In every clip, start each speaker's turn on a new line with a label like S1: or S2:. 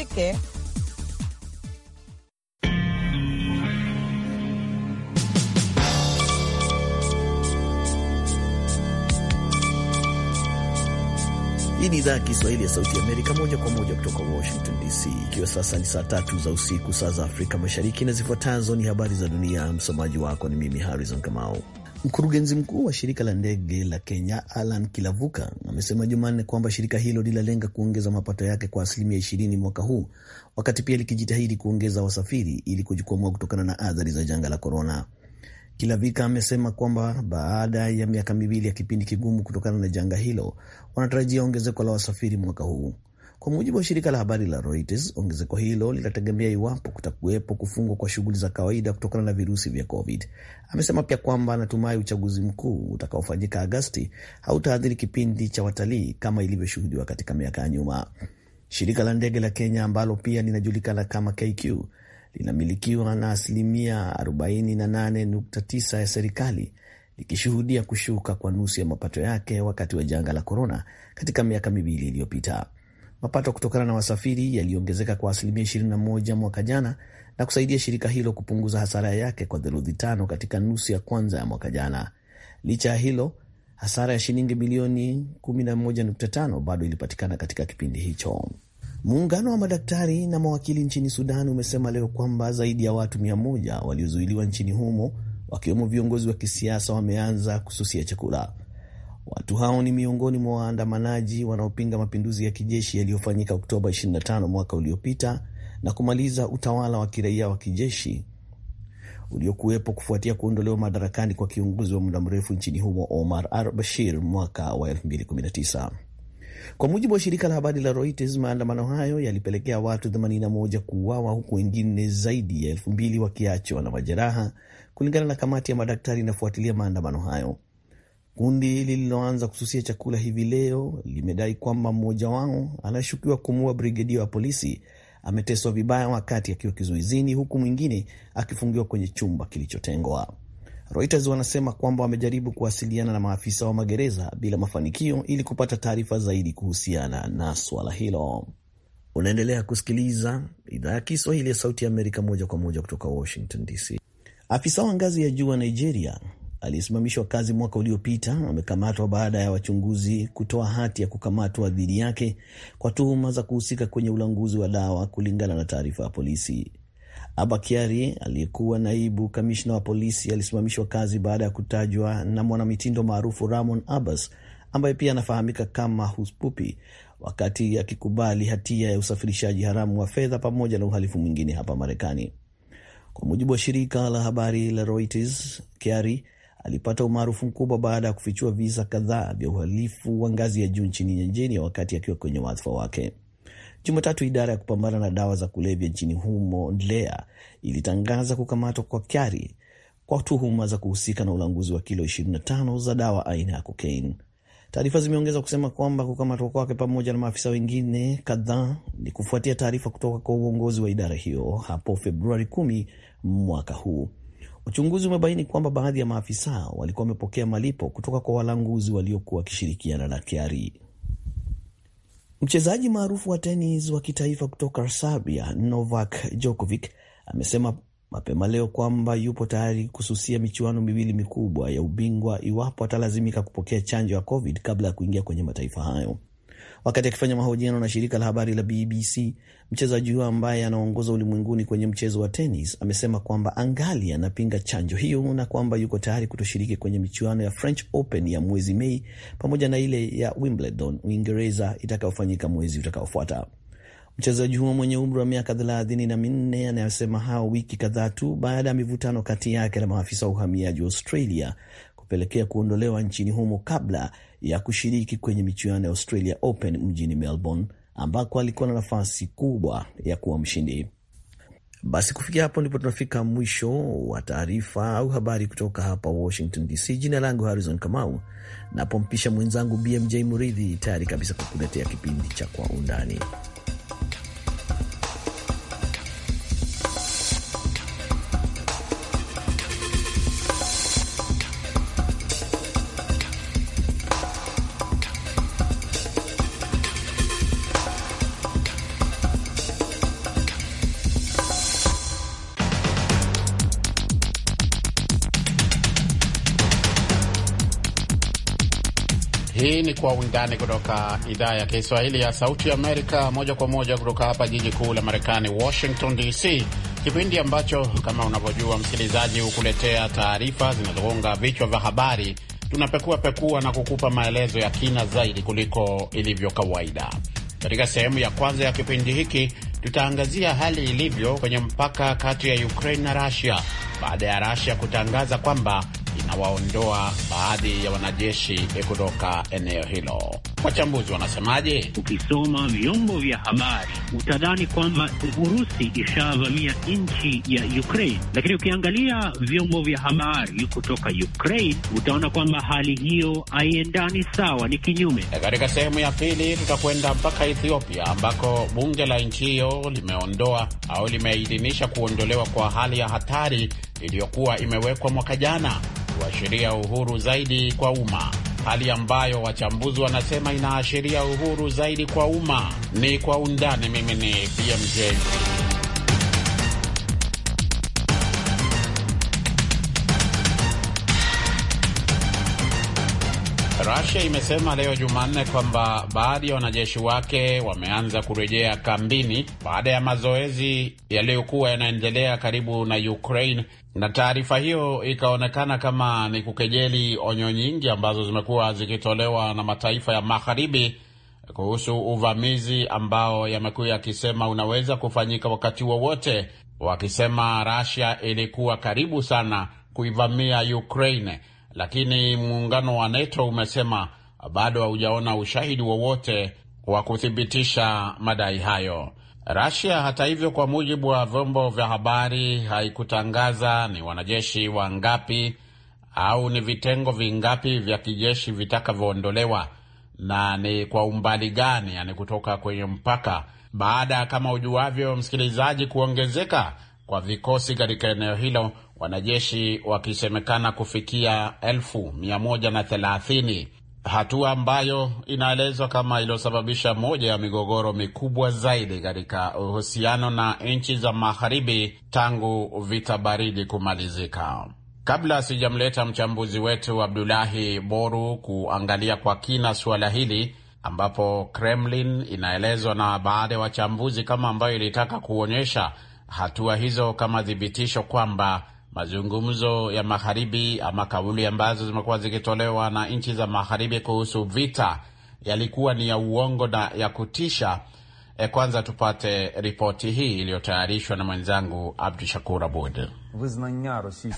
S1: muziki. Hii ni idhaa ya Kiswahili ya Sauti ya Amerika, moja kwa moja kutoka Washington DC, ikiwa sasa ni saa tatu za usiku, saa za Afrika Mashariki, na zifuatazo ni habari za dunia. Msomaji wako ni mimi Harrison Kamau. Mkurugenzi mkuu wa shirika la ndege la Kenya Alan Kilavuka amesema Jumanne kwamba shirika hilo linalenga kuongeza mapato yake kwa asilimia ishirini mwaka huu, wakati pia likijitahidi kuongeza wasafiri ili kujikwamua kutokana na athari za janga la korona. Kilavika amesema kwamba baada ya miaka miwili ya kipindi kigumu kutokana na janga hilo, wanatarajia ongezeko la wasafiri mwaka huu. Kwa mujibu wa shirika la habari la Reuters, ongezeko hilo linategemea iwapo kutakuwepo kufungwa kwa shughuli za kawaida kutokana na virusi vya COVID. Amesema pia kwamba anatumai uchaguzi mkuu utakaofanyika Agasti hautaathiri kipindi cha watalii kama ilivyoshuhudiwa katika miaka ya nyuma. Shirika la ndege la Kenya ambalo pia linajulikana kama KQ linamilikiwa na asilimia 48.9 ya serikali likishuhudia kushuka kwa nusu ya mapato yake wakati wa janga la korona katika miaka miwili iliyopita. Mapato kutokana na wasafiri yaliongezeka kwa asilimia 21 mwaka jana na kusaidia shirika hilo kupunguza hasara yake kwa theluthi tano katika nusu ya kwanza ya mwaka jana. Licha ya hilo, hasara ya shilingi bilioni 11.5 bado ilipatikana katika kipindi hicho. Muungano wa madaktari na mawakili nchini Sudan umesema leo kwamba zaidi ya watu 1 waliozuiliwa nchini humo wakiwemo viongozi wa kisiasa wameanza kususia chakula. Watu hao ni miongoni mwa waandamanaji wanaopinga mapinduzi ya kijeshi yaliyofanyika Oktoba 25 mwaka uliopita na kumaliza utawala wa kiraia wa kijeshi uliokuwepo kufuatia kuondolewa madarakani kwa kiongozi wa muda mrefu nchini humo Omar al-Bashir mwaka wa 2019. Kwa mujibu wa shirika la habari la Reuters, maandamano hayo yalipelekea watu 81 kuuawa huku wengine zaidi ya 2000 wakiachwa na majeraha, kulingana na kamati ya madaktari inafuatilia maandamano hayo. Kundi lililoanza kususia chakula hivi leo limedai kwamba mmoja wao anayeshukiwa kumuua brigedia wa polisi ameteswa vibaya wakati akiwa kizuizini, huku mwingine akifungiwa kwenye chumba kilichotengwa. Reuters wanasema kwamba wamejaribu kuwasiliana na maafisa wa magereza bila mafanikio ili kupata taarifa zaidi kuhusiana na swala hilo. Unaendelea kusikiliza idhaa ya Kiswahili ya Sauti ya Amerika moja kwa moja kutoka Washington DC. Afisa wa ngazi ya juu wa Nigeria aliyesimamishwa kazi mwaka uliopita amekamatwa baada ya wachunguzi kutoa hati ya kukamatwa dhidi yake kwa tuhuma za kuhusika kwenye ulanguzi wa dawa, kulingana na taarifa ya polisi. Abakiari aliyekuwa naibu kamishna wa polisi alisimamishwa kazi baada ya kutajwa na mwanamitindo maarufu Ramon Abbas ambaye pia anafahamika kama Huspupi wakati akikubali hatia ya usafirishaji haramu wa fedha pamoja na uhalifu mwingine hapa Marekani, kwa mujibu wa shirika la habari la Reuters. Kiari alipata umaarufu mkubwa baada ya kufichua visa kadhaa vya uhalifu wa ngazi ya juu nchini Nigeria wakati akiwa kwenye wadhifa wake. Jumatatu, idara ya kupambana na dawa za kulevya nchini humo NDLEA ilitangaza kukamatwa kwa Kyari kwa tuhuma za kuhusika na ulanguzi wa kilo 25 za dawa aina ya kokaini. Taarifa zimeongeza kusema kwamba kukamatwa kwake pamoja na maafisa wengine kadhaa ni kufuatia taarifa kutoka kwa uongozi wa idara hiyo hapo Februari 10 mwaka huu. Uchunguzi umebaini kwamba baadhi ya maafisa walikuwa wamepokea malipo kutoka kwa walanguzi waliokuwa wakishirikiana na Kiari. Mchezaji maarufu wa tenis wa kitaifa kutoka Serbia, Novak Djokovic amesema mapema leo kwamba yupo tayari kususia michuano miwili mikubwa ya ubingwa iwapo atalazimika kupokea chanjo ya COVID kabla ya kuingia kwenye mataifa hayo. Wakati akifanya mahojiano na shirika la habari la BBC, mchezaji huyo ambaye anaongoza ulimwenguni kwenye mchezo wa tenis amesema kwamba angali anapinga chanjo hiyo na kwamba yuko tayari kutoshiriki kwenye michuano ya French Open ya mwezi Mei pamoja na ile ya Wimbledon Uingereza itakayofanyika mwezi utakaofuata. Mchezaji huo mwenye umri wa miaka thelathini na minne anayosema hao wiki kadhaa tu baada ya mivutano kati yake na maafisa wa uhamiaji wa Australia kupelekea kuondolewa nchini humo kabla ya kushiriki kwenye michuano ya Australia Open mjini Melbourne, ambako alikuwa na nafasi kubwa ya kuwa mshindi. Basi kufikia hapo ndipo tunafika mwisho wa taarifa au habari kutoka hapa Washington DC. Jina langu Harrison Kamau, napompisha mwenzangu BMJ Muridhi, tayari kabisa kwa kuletea kipindi cha Kwa Undani.
S2: kwa undani kutoka idhaa ya Kiswahili ya Sauti Amerika, moja kwa moja kutoka hapa jiji kuu la Marekani, Washington DC, kipindi ambacho kama unavyojua msikilizaji, hukuletea taarifa zinazogonga vichwa vya habari. Tunapekua pekua na kukupa maelezo ya kina zaidi kuliko ilivyo kawaida. Katika sehemu ya kwanza ya kipindi hiki tutaangazia hali ilivyo kwenye mpaka kati ya Ukraine na rusia baada ya rasia kutangaza kwamba inawaondoa baadhi ya wanajeshi kutoka eneo hilo. Wachambuzi wanasemaje? Ukisoma vyombo vya habari utadhani
S3: kwamba Urusi ishavamia nchi ya Ukraine, lakini ukiangalia vyombo vya habari kutoka Ukraine utaona kwamba hali hiyo haiendani sawa, ni
S2: kinyume. E, katika sehemu ya pili tutakwenda mpaka Ethiopia ambako bunge la nchi hiyo limeondoa au limeidhinisha kuondolewa kwa hali ya hatari iliyokuwa imewekwa mwaka jana kuashiria uhuru zaidi kwa umma, hali ambayo wachambuzi wanasema inaashiria uhuru zaidi kwa umma. Ni kwa undani. Mimi ni BMJ. Russia imesema leo Jumanne kwamba baadhi ya wanajeshi wake wameanza kurejea kambini baada ya mazoezi yaliyokuwa yanaendelea karibu na Ukraine, na taarifa hiyo ikaonekana kama ni kukejeli onyo nyingi ambazo zimekuwa zikitolewa na mataifa ya Magharibi kuhusu uvamizi ambao yamekuwa yakisema unaweza kufanyika wakati wowote wa wakisema Russia ilikuwa karibu sana kuivamia Ukraine lakini muungano wa NATO umesema bado haujaona ushahidi wowote wa kuthibitisha madai hayo. Rasia, hata hivyo, kwa mujibu wa vyombo vya habari, haikutangaza ni wanajeshi wangapi au ni vitengo vingapi vya kijeshi vitakavyoondolewa na ni kwa umbali gani, yani kutoka kwenye mpaka, baada ya kama ujuavyo, msikilizaji, kuongezeka kwa vikosi katika eneo hilo wanajeshi wakisemekana kufikia elfu mia moja na thelathini, hatua ambayo inaelezwa kama iliyosababisha moja ya migogoro mikubwa zaidi katika uhusiano na nchi za magharibi tangu vita baridi kumalizika. Kabla sijamleta mchambuzi wetu Abdulahi Boru kuangalia kwa kina suala hili ambapo Kremlin inaelezwa na baadhi ya wachambuzi kama ambayo ilitaka kuonyesha hatua hizo kama thibitisho kwamba mazungumzo ya magharibi ama kauli ambazo zimekuwa zikitolewa na nchi za magharibi kuhusu vita yalikuwa ni ya uongo na ya kutisha. E, kwanza tupate ripoti hii iliyotayarishwa na mwenzangu Abdu Shakur Abud.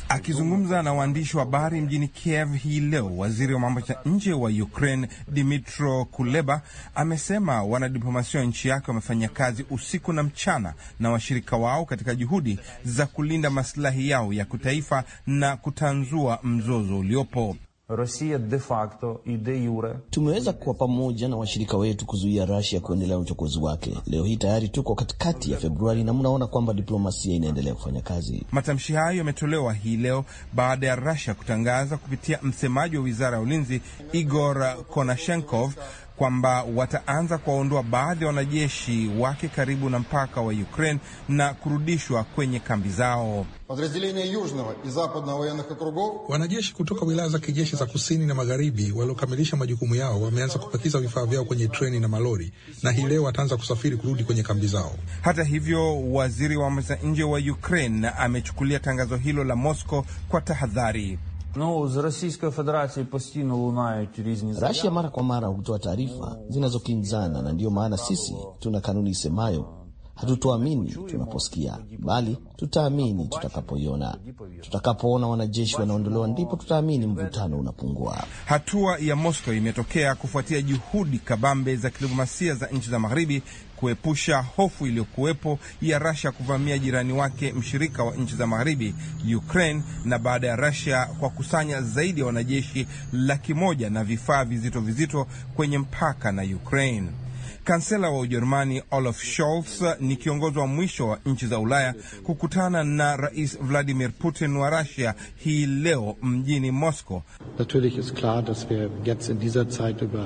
S4: Akizungumza na waandishi wa habari mjini Kiev hii leo, waziri wa mambo ya nje wa Ukraine Dmytro Kuleba amesema wanadiplomasia wa nchi yake wamefanya kazi usiku na mchana na washirika wao katika juhudi za kulinda masilahi yao ya kitaifa na
S1: kutanzua mzozo uliopo.
S4: Rossia de facto i de jure.
S1: Tumeweza kuwa pamoja na washirika wetu kuzuia Russia kuendelea na uchokozi wake. Leo hii tayari tuko katikati ya Februari na mnaona kwamba diplomasia inaendelea kufanya kazi.
S4: Matamshi hayo yametolewa hii leo baada ya Russia kutangaza kupitia msemaji wa wizara ya ulinzi Igor Konashenkov kwamba wataanza kuwaondoa baadhi ya wanajeshi wake karibu na mpaka wa Ukraine na kurudishwa kwenye kambi zao. Wanajeshi kutoka wilaya za kijeshi za kusini na magharibi waliokamilisha majukumu yao wameanza kupakiza vifaa vyao kwenye treni na malori, na hii leo wataanza kusafiri kurudi kwenye kambi zao. Hata hivyo, waziri wa mambo ya nje wa Ukraine amechukulia tangazo hilo la Moscow kwa
S1: tahadhari. Ну з Російської Федерації постійно лунають різні Рашія. kwa mara hutoa taarifa zinazokinzana, na ndiyo maana sisi tuna kanuni isemayo Hatutoamini tunaposikia, bali tutaamini tutakapoiona. Tutakapoona wanajeshi wanaondolewa, ndipo tutaamini mvutano unapungua.
S4: Hatua ya Moscow imetokea kufuatia juhudi kabambe za kidiplomasia za nchi za Magharibi kuepusha hofu iliyokuwepo ya rasia kuvamia jirani wake mshirika wa nchi za Magharibi, Ukraine, na baada ya rasia kwa kusanya zaidi ya wanajeshi laki moja na vifaa vizito vizito kwenye mpaka na Ukraine. Kansela wa Ujerumani Olaf Scholz ni kiongozi wa mwisho wa nchi za Ulaya kukutana na Rais Vladimir Putin wa rasia hii leo mjini Moscow.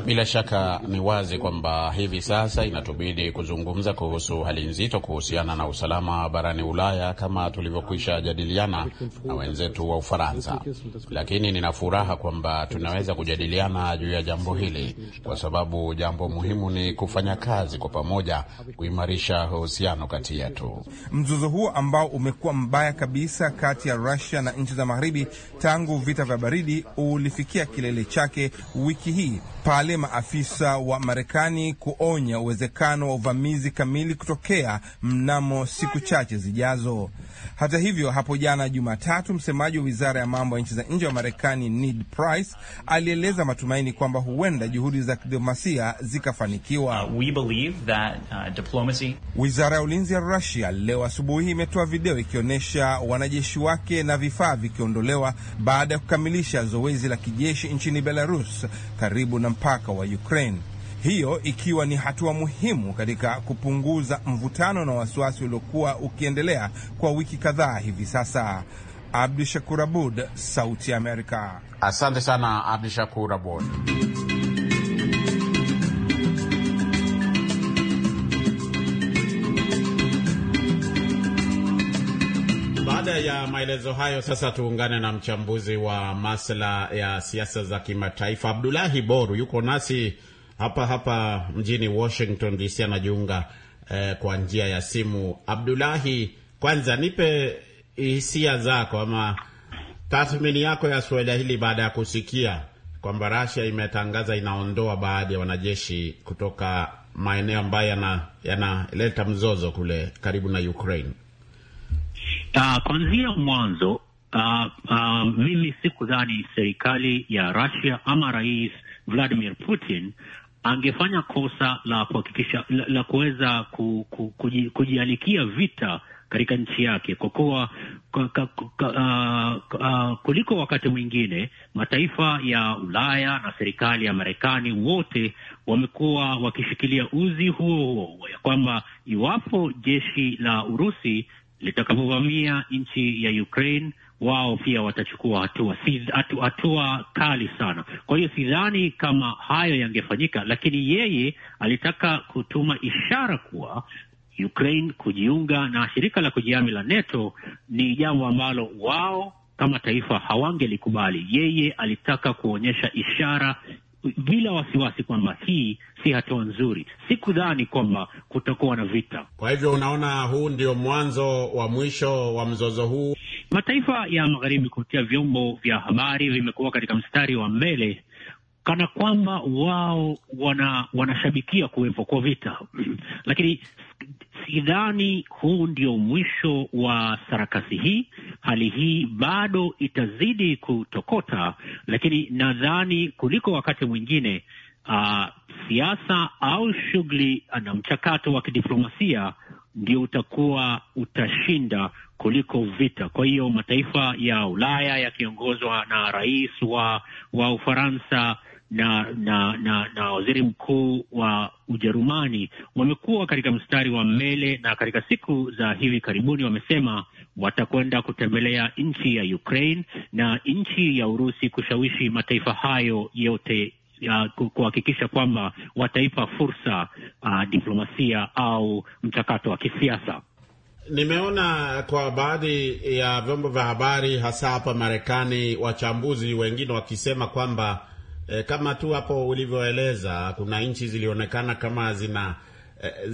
S4: Bila
S2: shaka ni wazi kwamba hivi sasa inatubidi kuzungumza kuhusu hali nzito kuhusiana na usalama barani Ulaya kama tulivyokwisha jadiliana na wenzetu wa Ufaransa, lakini nina furaha kwamba tunaweza kujadiliana juu ya jambo hili kwa sababu jambo muhimu ni kufanya kufanya kazi kwa pamoja kuimarisha uhusiano kati
S4: yetu. Mzozo huo ambao umekuwa mbaya kabisa kati ya Rusia na nchi za magharibi tangu vita vya baridi ulifikia kilele chake wiki hii pale maafisa wa Marekani kuonya uwezekano wa uvamizi kamili kutokea mnamo siku chache zijazo. Hata hivyo, hapo jana Jumatatu, msemaji wa wizara ya mambo ya nchi za nje wa Marekani Ned Price alieleza matumaini kwamba huenda juhudi za kidiplomasia zikafanikiwa. Uh, we believe that, uh, diplomacy... Wizara ya ulinzi ya Rusia leo asubuhi imetoa video ikionyesha wanajeshi wake na vifaa vikiondolewa baada ya kukamilisha zoezi la kijeshi nchini Belarus karibu na mpaka wa Ukraine, hiyo ikiwa ni hatua muhimu katika kupunguza mvutano na wasiwasi uliokuwa ukiendelea kwa wiki kadhaa hivi sasa. Abdu Shakur Abud, Sauti ya Amerika.
S2: Asante sana Abdu Shakur Abud. Baada ya maelezo hayo, sasa tuungane na mchambuzi wa masuala ya siasa za kimataifa Abdulahi Boru, yuko nasi hapa hapa mjini Washington DC, anajiunga eh, kwa njia ya simu. Abdulahi, kwanza nipe hisia zako ama tathmini yako ya suala hili baada ya kusikia kwamba Russia imetangaza inaondoa baadhi ya wanajeshi kutoka maeneo ambayo yanaleta yana mzozo kule karibu na Ukraine.
S3: Uh, ah, kwanzia mwanzo uh, uh, mimi sikudhani serikali ya Russia ama Rais Vladimir Putin angefanya kosa la kuhakikisha la, la kuweza ku, ku, kuji, kujialikia vita katika nchi yake kwa kuwa uh, kuliko wakati mwingine mataifa ya Ulaya na serikali ya Marekani wote wamekuwa wakishikilia uzi huo huo ya kwamba iwapo jeshi la Urusi litakapovamia nchi ya Ukraine, wao pia watachukua hatua hatua, hatua kali sana. Kwa hiyo sidhani kama hayo yangefanyika, lakini yeye alitaka kutuma ishara kuwa Ukraine kujiunga na shirika la kujihami la NATO ni jambo ambalo wao kama taifa hawangelikubali. Yeye alitaka kuonyesha ishara bila wasiwasi kwamba hii si hatua nzuri. Sikudhani kwamba kutakuwa na vita.
S2: Kwa hivyo unaona, huu ndio mwanzo wa mwisho wa mzozo huu. Mataifa ya Magharibi kupitia vyombo vya habari vimekuwa katika mstari wa mbele kana kwamba wao
S3: wana, wanashabikia kuwepo kwa vita lakini sidhani huu ndio mwisho wa sarakasi hii. Hali hii bado itazidi kutokota, lakini nadhani kuliko wakati mwingine uh, siasa au shughuli uh, na mchakato wa kidiplomasia ndio utakuwa utashinda kuliko vita. Kwa hiyo mataifa ya Ulaya yakiongozwa na rais wa, wa Ufaransa na na na, na waziri mkuu wa Ujerumani wamekuwa katika mstari wa mbele, na katika siku za hivi karibuni wamesema watakwenda kutembelea nchi ya Ukraine na nchi ya Urusi kushawishi mataifa hayo yote kuhakikisha kwamba wataipa fursa uh, diplomasia au mchakato wa kisiasa.
S2: Nimeona kwa baadhi ya vyombo vya habari hasa hapa Marekani, wachambuzi wengine wakisema kwamba e, kama tu hapo ulivyoeleza, kuna nchi zilionekana kama zina e,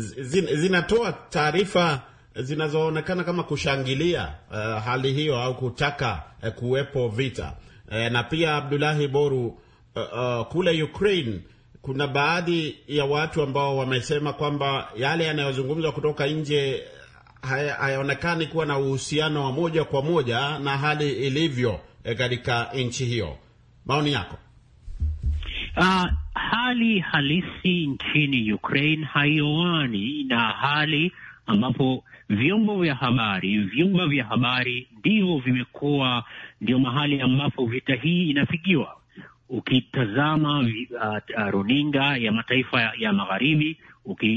S2: zinatoa taarifa zinazoonekana kama kushangilia e, hali hiyo au kutaka e, kuwepo vita e, na pia Abdullahi Boru e, e, kule Ukraine kuna baadhi ya watu ambao wamesema kwamba yale yanayozungumzwa kutoka nje hayaonekani kuwa na uhusiano wa moja kwa moja na hali ilivyo katika nchi hiyo. Maoni yako? Uh, hali
S3: halisi nchini Ukraine haiowani na hali ambapo vyombo vya habari, vyumba vya habari ndivyo vimekuwa ndio mahali ambapo vita hii inafikiwa. Ukitazama uh, runinga ya mataifa ya, ya magharibi,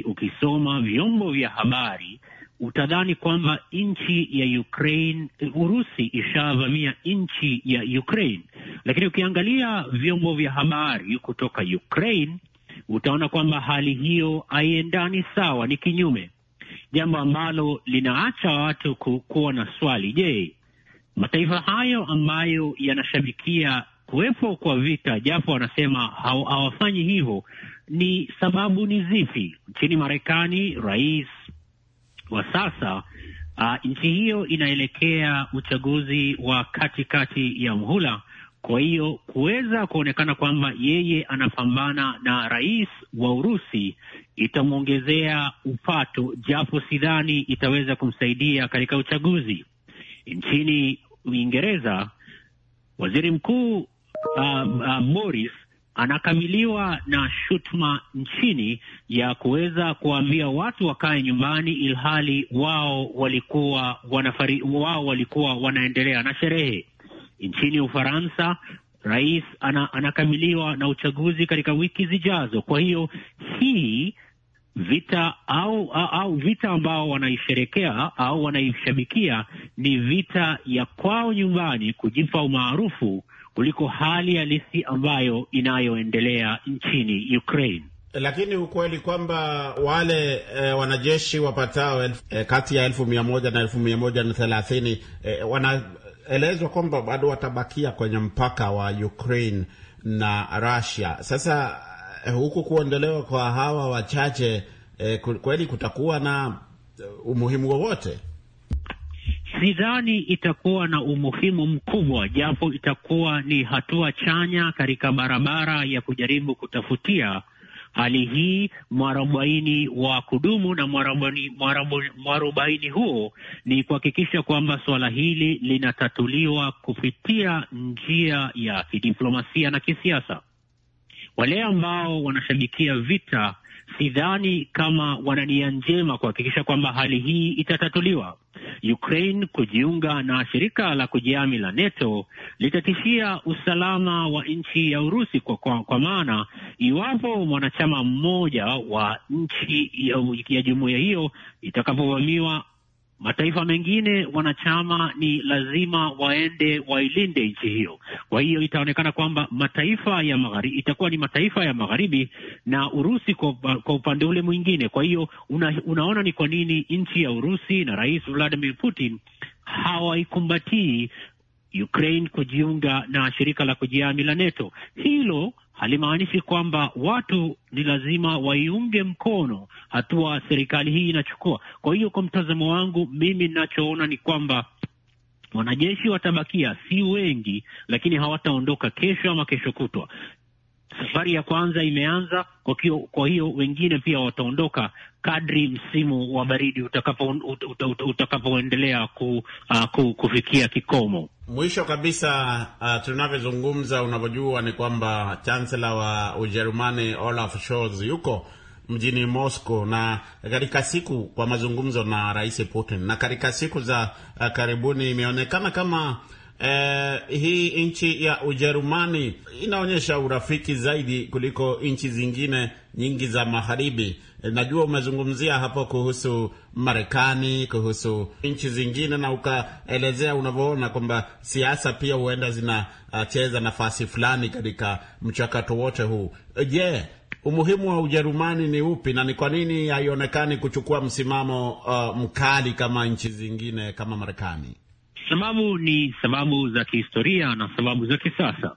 S3: ukisoma vyombo vya habari utadhani kwamba nchi ya Ukraine, Urusi ishavamia nchi ya Ukraine, lakini ukiangalia vyombo vya habari kutoka Ukraine utaona kwamba hali hiyo haiendani sawa, ni kinyume, jambo ambalo linaacha watu kuwa na swali. Je, mataifa hayo ambayo yanashabikia kuwepo kwa vita, japo wanasema hawafanyi hivyo, ni sababu ni zipi? Nchini Marekani, rais wa sasa uh, nchi hiyo inaelekea uchaguzi wa katikati kati ya mhula. Kwa hiyo kuweza kuonekana kwamba yeye anapambana na rais wa Urusi itamwongezea upato, japo sidhani itaweza kumsaidia katika uchaguzi. Nchini Uingereza, waziri mkuu uh, ah, uh, ah, Boris anakabiliwa na shutuma nchini ya kuweza kuwaambia watu wakae nyumbani, ilhali wao walikuwa wanafari, wao walikuwa wanaendelea na sherehe nchini Ufaransa. Rais ana, anakabiliwa na uchaguzi katika wiki zijazo. Kwa hiyo hii vita au, au, au vita ambao wanaisherekea au wanaishabikia ni vita ya kwao nyumbani kujipa umaarufu kuliko hali halisi ambayo inayoendelea nchini Ukraine.
S2: Lakini ukweli kwamba wale e, wanajeshi wapatao elf, e, eh, kati ya elfu mia moja na elfu mia moja na thelathini e, wanaelezwa kwamba bado watabakia kwenye mpaka wa Ukraine na Russia. Sasa huku kuondolewa kwa hawa wachache e, kweli kutakuwa na umuhimu wowote?
S3: sidhani itakuwa na umuhimu mkubwa, japo itakuwa ni hatua chanya katika barabara ya kujaribu kutafutia hali hii mwarobaini wa kudumu na mwarobaini huo ni kuhakikisha kwamba suala hili linatatuliwa kupitia njia ya kidiplomasia na kisiasa. Wale ambao wanashabikia vita sidhani kama wana nia njema kuhakikisha kwamba hali hii itatatuliwa. Ukraine kujiunga na shirika la kujihami la NATO litatishia usalama wa nchi ya Urusi kwa, kwa, kwa maana iwapo mwanachama mmoja wa nchi ya, ya jumuiya hiyo itakapovamiwa mataifa mengine wanachama ni lazima waende wailinde nchi hiyo. Kwa hiyo itaonekana kwamba mataifa ya magharibi itakuwa ni mataifa ya magharibi na Urusi kwa, kwa upande ule mwingine. Kwa hiyo una, unaona ni kwa nini nchi ya Urusi na Rais Vladimir Putin hawaikumbatii Ukraine kujiunga na shirika la kujiami la NATO. Hilo halimaanishi kwamba watu ni lazima waiunge mkono hatua serikali hii inachukua. Kwa hiyo, kwa mtazamo wangu mimi ninachoona ni kwamba wanajeshi watabakia, si wengi, lakini hawataondoka kesho ama kesho kutwa. Safari ya kwanza imeanza, kwa hiyo kwa hiyo wengine pia wataondoka kadri msimu wa baridi utakapoendelea ut, ut, ut, utakapo ku, uh, ku, kufikia kikomo.
S2: Mwisho kabisa uh, tunavyozungumza, unavyojua ni kwamba chancellor wa Ujerumani Olaf Scholz yuko mjini Moscow na katika siku kwa mazungumzo na Rais Putin, na katika siku za uh, karibuni imeonekana kama Eh, hii nchi ya Ujerumani inaonyesha urafiki zaidi kuliko nchi zingine nyingi za magharibi. Eh, najua umezungumzia hapo kuhusu Marekani, kuhusu nchi zingine na ukaelezea unavyoona kwamba siasa pia huenda zinacheza nafasi fulani katika mchakato wote huu. Eh, je, yeah. Umuhimu wa Ujerumani ni upi na ni kwa nini haionekani kuchukua msimamo uh, mkali kama nchi zingine kama Marekani?
S3: sababu ni sababu za kihistoria na sababu za kisasa.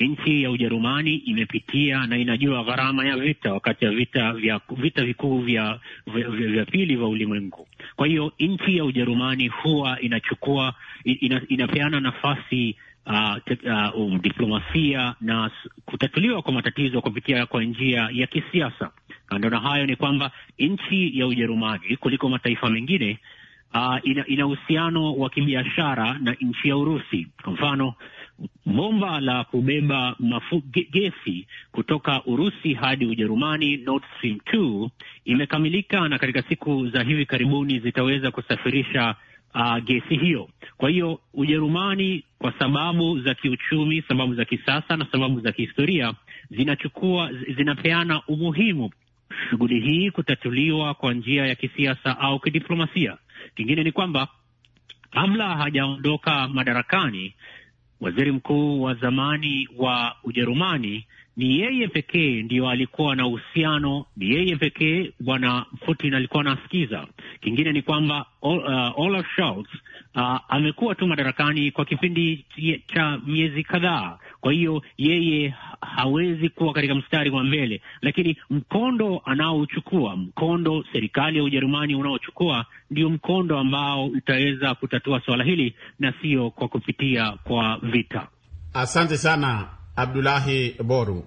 S3: Nchi ya Ujerumani imepitia na inajua gharama ya vita wakati ya vita vya vita vikuu vya, vya, vya, vya pili vya ulimwengu. Kwa hiyo nchi ya Ujerumani huwa inachukua ina, inapeana nafasi Uh, uh, um, diplomasia na kutatuliwa kwa matatizo kupitia kwa njia ya kisiasa. Kando na hayo ni kwamba nchi ya Ujerumani kuliko mataifa mengine uh, ina, ina uhusiano wa kibiashara na nchi ya Urusi. Kwa mfano, bomba la kubeba mafu, gesi kutoka Urusi hadi Ujerumani Nord Stream 2 imekamilika na katika siku za hivi karibuni zitaweza kusafirisha Uh, gesi hiyo. Kwa hiyo Ujerumani kwa sababu za kiuchumi, sababu za kisasa na sababu za kihistoria zinachukua zinapeana umuhimu shughuli hii kutatuliwa kwa njia ya kisiasa au kidiplomasia. Kingine ni kwamba kabla hajaondoka madarakani, waziri mkuu wa zamani wa Ujerumani ni yeye pekee ndiyo alikuwa na uhusiano, ni yeye pekee bwana Putin alikuwa anasikiza. Kingine ni kwamba uh, Olaf Scholz uh, amekuwa tu madarakani kwa kipindi cha miezi kadhaa, kwa hiyo yeye hawezi kuwa katika mstari wa mbele, lakini mkondo anaochukua, mkondo serikali ya Ujerumani unaochukua ndio mkondo ambao utaweza kutatua swala hili na sio kwa kupitia kwa vita.
S2: Asante sana. Abdulahi Boru.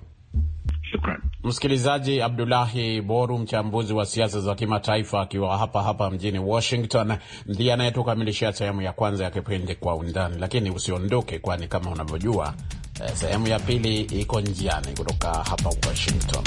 S2: Shukran. Msikilizaji, Abdulahi Boru, mchambuzi wa siasa za kimataifa, akiwa hapa hapa mjini Washington, ndiye anayetukamilishia sehemu ya kwanza ya kipindi Kwa Undani. Lakini usiondoke, kwani kama unavyojua, eh, sehemu ya pili iko njiani kutoka hapa Washington.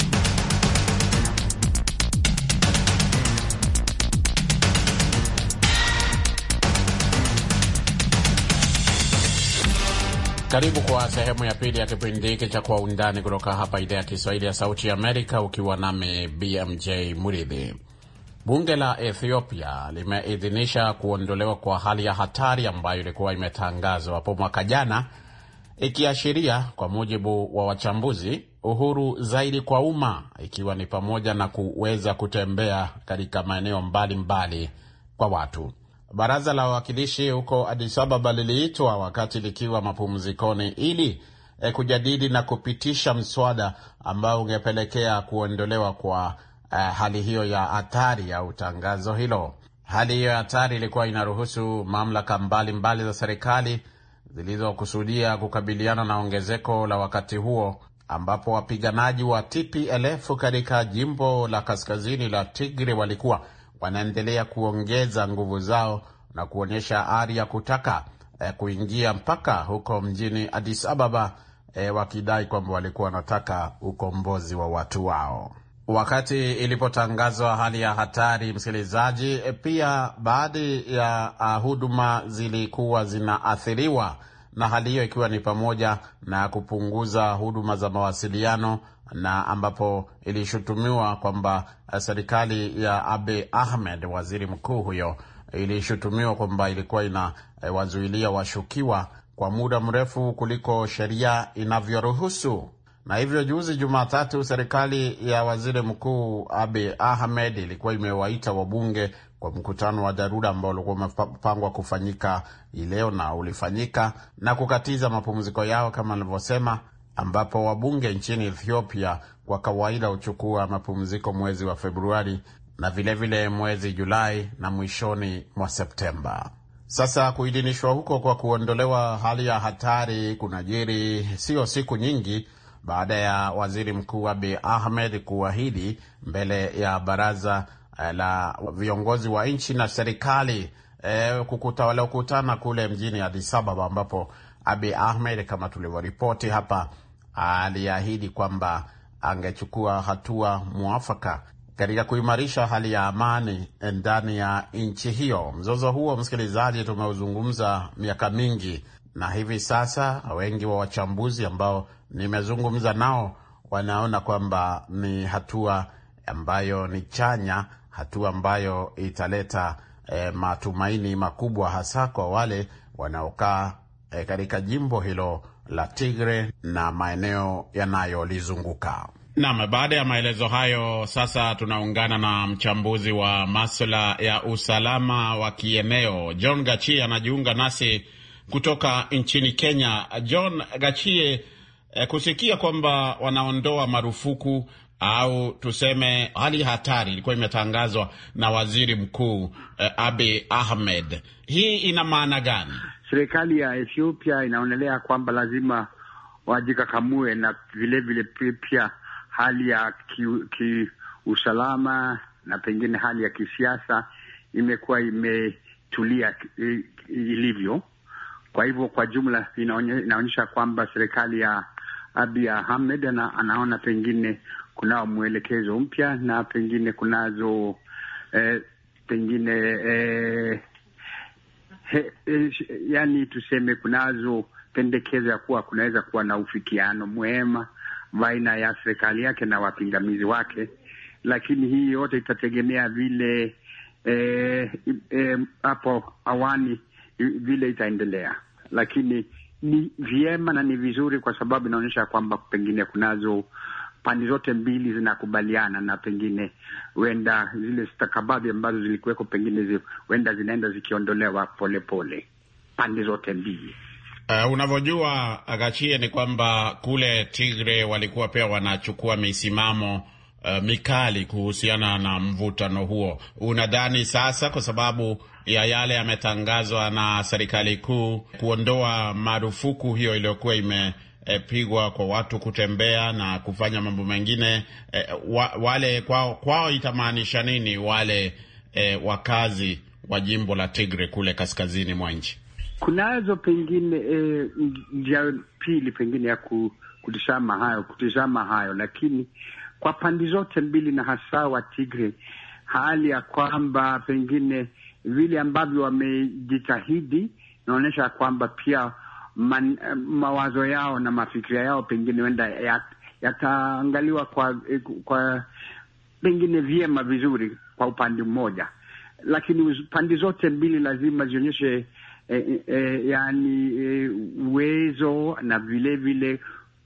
S2: Karibu kwa sehemu ya pili ya kipindi hiki cha Kwa Undani kutoka hapa idhaa ya Kiswahili ya Sauti Amerika, ukiwa nami BMJ Muridhi. Bunge la Ethiopia limeidhinisha kuondolewa kwa hali ya hatari ambayo ilikuwa imetangazwa hapo mwaka jana, ikiashiria, kwa mujibu wa wachambuzi, uhuru zaidi kwa umma, ikiwa ni pamoja na kuweza kutembea katika maeneo mbalimbali kwa watu. Baraza la Wawakilishi huko Addis Ababa liliitwa wakati likiwa mapumzikoni ili e, kujadili na kupitisha mswada ambao ungepelekea kuondolewa kwa e, hali hiyo ya hatari au tangazo hilo. Hali hiyo ya hatari ilikuwa inaruhusu mamlaka mbalimbali mbali za serikali zilizokusudia kukabiliana na ongezeko la wakati huo ambapo wapiganaji wa TPLF katika jimbo la kaskazini la tigri walikuwa wanaendelea kuongeza nguvu zao na kuonyesha ari ya kutaka eh, kuingia mpaka huko mjini Addis Ababa eh, wakidai kwamba walikuwa wanataka ukombozi wa watu wao. Wakati ilipotangazwa hali ya hatari, msikilizaji, eh, pia baadhi ya ah, huduma zilikuwa zinaathiriwa na hali hiyo, ikiwa ni pamoja na kupunguza huduma za mawasiliano na ambapo ilishutumiwa kwamba eh, serikali ya Abiy Ahmed, waziri mkuu huyo, ilishutumiwa kwamba ilikuwa inawazuilia eh, washukiwa kwa muda mrefu kuliko sheria inavyoruhusu. Na hivyo juzi Jumatatu, serikali ya waziri mkuu Abiy Ahmed ilikuwa imewaita wabunge kwa mkutano wa dharura ambao ulikuwa umepangwa kufanyika ileo na ulifanyika na kukatiza mapumziko yao kama alivyosema ambapo wabunge nchini Ethiopia kwa kawaida huchukua mapumziko mwezi wa Februari na vilevile vile mwezi Julai na mwishoni mwa Septemba. Sasa kuidhinishwa huko kwa kuondolewa hali ya hatari kunajiri sio siku nyingi baada ya waziri mkuu abi Ahmed kuahidi mbele ya baraza eh, la viongozi wa nchi na serikali e, eh, waliokutana kule mjini Addis Ababa ambapo Abi Ahmed kama tulivyoripoti hapa aliahidi kwamba angechukua hatua mwafaka katika kuimarisha hali ya amani ndani ya nchi hiyo. Mzozo huo, msikilizaji, tumeuzungumza miaka mingi, na hivi sasa wengi wa wachambuzi ambao nimezungumza nao wanaona kwamba ni hatua ambayo ni chanya, hatua ambayo italeta e, matumaini makubwa hasa kwa wale wanaokaa e, katika jimbo hilo la Tigre na maeneo yanayolizunguka. Nam, baada ya maelezo hayo, sasa tunaungana na mchambuzi wa maswala ya usalama wa kieneo John Gachie anajiunga nasi kutoka nchini Kenya. John Gachie, eh, kusikia kwamba wanaondoa marufuku au tuseme hali hatari ilikuwa imetangazwa na waziri mkuu eh, Abi Ahmed, hii ina maana gani?
S5: serikali ya Ethiopia inaonelea kwamba lazima wajikakamue na vilevile pia hali ya kiusalama ki na pengine hali ya kisiasa imekuwa imetulia ilivyo. Kwa hivyo kwa jumla inaonyesha kwamba serikali ya Abiy Ahmed ana, anaona pengine kunao mwelekezo mpya na pengine kunazo eh, pengine eh, he, he, yani tuseme kunazo pendekezo ya kuwa kunaweza kuwa na ufikiano mwema baina ya serikali yake na wapingamizi wake, lakini hii yote itategemea vile e, e, hapo eh, eh, awani vile itaendelea, lakini ni vyema na ni vizuri kwa sababu inaonyesha kwamba pengine kunazo pande zote mbili zinakubaliana, na pengine huenda zile stakabadhi ambazo zilikuweko pengine huenda zi, zinaenda zikiondolewa polepole pande zote mbili.
S2: Uh, unavyojua Agachie, ni kwamba kule Tigre walikuwa pia wanachukua misimamo uh, mikali kuhusiana na mvutano huo. Unadhani sasa kwa sababu ya yale yametangazwa na serikali kuu kuondoa marufuku hiyo iliyokuwa ime e, pigwa kwa watu kutembea na kufanya mambo mengine e, wa, wale kwao, kwao itamaanisha nini wale e, wakazi wa jimbo la Tigre kule kaskazini mwa nchi?
S5: Kunazo pengine e, njia pili pengine ya kutizama hayo kutizama hayo, lakini kwa pande zote mbili na hasa wa Tigre, hali ya kwamba pengine vile ambavyo wamejitahidi inaonyesha kwamba pia man, mawazo yao na mafikira yao pengine huenda yataangaliwa ya kwa, kwa pengine vyema vizuri kwa upande mmoja, lakini pande zote mbili lazima zionyeshe e, e, yani eh, uwezo na vilevile vile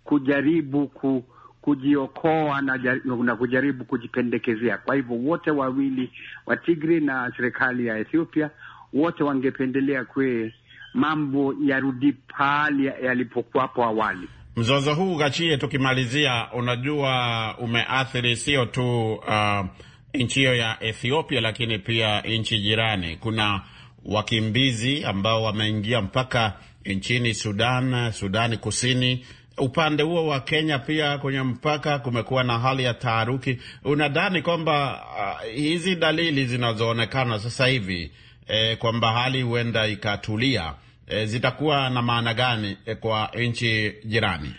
S5: kujaribu ku kujiokoa na kujaribu kujipendekezea. Kwa hivyo wote wawili wa Tigri na serikali ya Ethiopia wote wangependelea kwe mambo yarudi pahali yalipokuwapo awali.
S2: Mzozo huu Gachie, tukimalizia, unajua umeathiri sio tu uh, nchi hiyo ya Ethiopia, lakini pia nchi jirani. Kuna wakimbizi ambao wameingia mpaka nchini Sudan, Sudani Kusini. Upande huo wa Kenya pia kwenye mpaka kumekuwa na hali ya taharuki. Unadhani kwamba uh, hizi dalili zinazoonekana sasa hivi e, kwamba hali huenda ikatulia e, zitakuwa na maana gani e, kwa nchi jirani?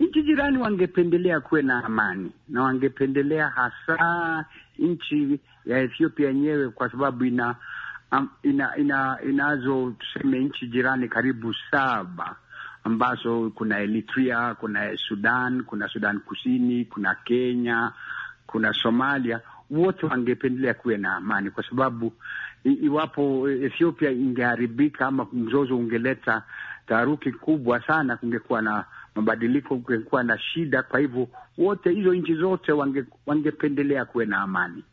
S5: Nchi jirani wangependelea kuwe na amani na wangependelea hasa nchi ya Ethiopia yenyewe kwa sababu ina um, ina, ina inazo tuseme nchi jirani karibu saba ambazo kuna Eritrea, kuna Sudan, kuna Sudan Kusini, kuna Kenya, kuna Somalia wote wangependelea kuwe na amani, kwa sababu iwapo Ethiopia ingeharibika ama mzozo ungeleta taharuki kubwa sana, kungekuwa na mabadiliko, kungekuwa na shida. Kwa hivyo wote hizo nchi zote wange, wangependelea kuwe na amani,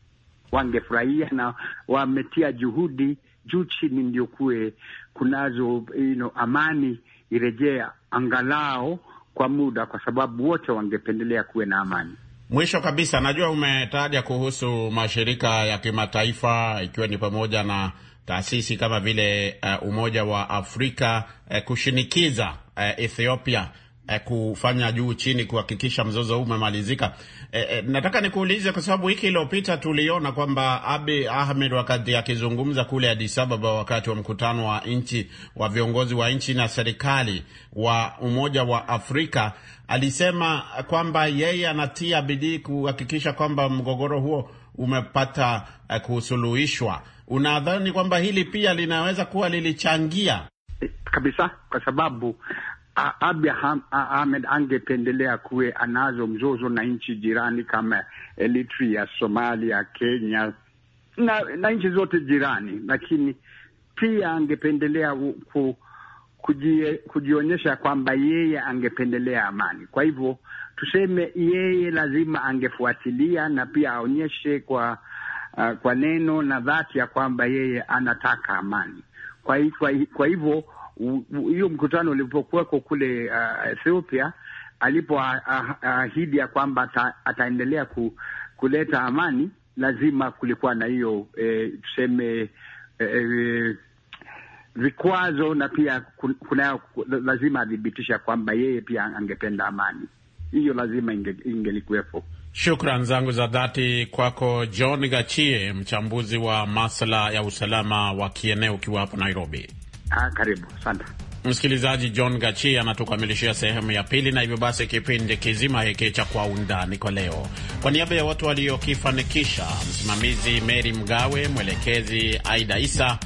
S5: wangefurahia na wametia juhudi juu chini, ndio kuwe kunazo you know, amani irejea angalao kwa muda, kwa sababu wote wangependelea kuwe na amani.
S2: Mwisho kabisa, najua umetaja kuhusu mashirika ya kimataifa ikiwa ni pamoja na taasisi kama vile uh, Umoja wa Afrika uh, kushinikiza uh, Ethiopia eh, kufanya juu chini kuhakikisha mzozo huu umemalizika. Eh, eh, nataka nikuulize kwa sababu wiki iliyopita tuliona kwamba Abi Ahmed wakati akizungumza kule Addis Ababa wakati wa mkutano wa nchi wa viongozi wa nchi na serikali wa Umoja wa Afrika alisema kwamba yeye anatia bidii kuhakikisha kwamba mgogoro huo umepata eh, kusuluhishwa. Unadhani kwamba hili pia linaweza kuwa lilichangia kabisa, kwa sababu Abraham
S5: Ahmed angependelea kuwe anazo mzozo na nchi jirani kama Eritrea, Somalia, Kenya na, na nchi zote jirani, lakini pia angependelea ku, kujie, kujionyesha kwamba yeye angependelea amani. Kwa hivyo tuseme yeye lazima angefuatilia na pia aonyeshe kwa uh, kwa neno na dhati ya kwamba yeye anataka amani. Kwa, kwa, kwa hivyo hiyo mkutano ulipokuweko kule uh, Ethiopia alipoahidi ya kwamba ata, ataendelea ku, kuleta amani, lazima kulikuwa na hiyo eh, tuseme eh, vikwazo na pia kuna lazima athibitisha kwamba yeye pia angependa amani hiyo, lazima ingelikuwepo inge
S2: Shukran zangu za dhati kwako John Gachie, mchambuzi wa masuala ya usalama wa kieneo, ukiwa hapo Nairobi. Ah, karibu sana msikilizaji. John Gachi anatukamilishia sehemu ya pili, na hivyo basi kipindi kizima hiki cha Kwa Undani kwa leo, kwa niaba ya watu waliokifanikisha, msimamizi Meri Mgawe, mwelekezi Aida Isa,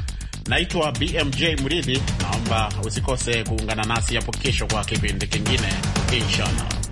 S2: naitwa BMJ Mridhi. Naomba usikose kuungana nasi hapo kesho kwa kipindi kingine, inshallah.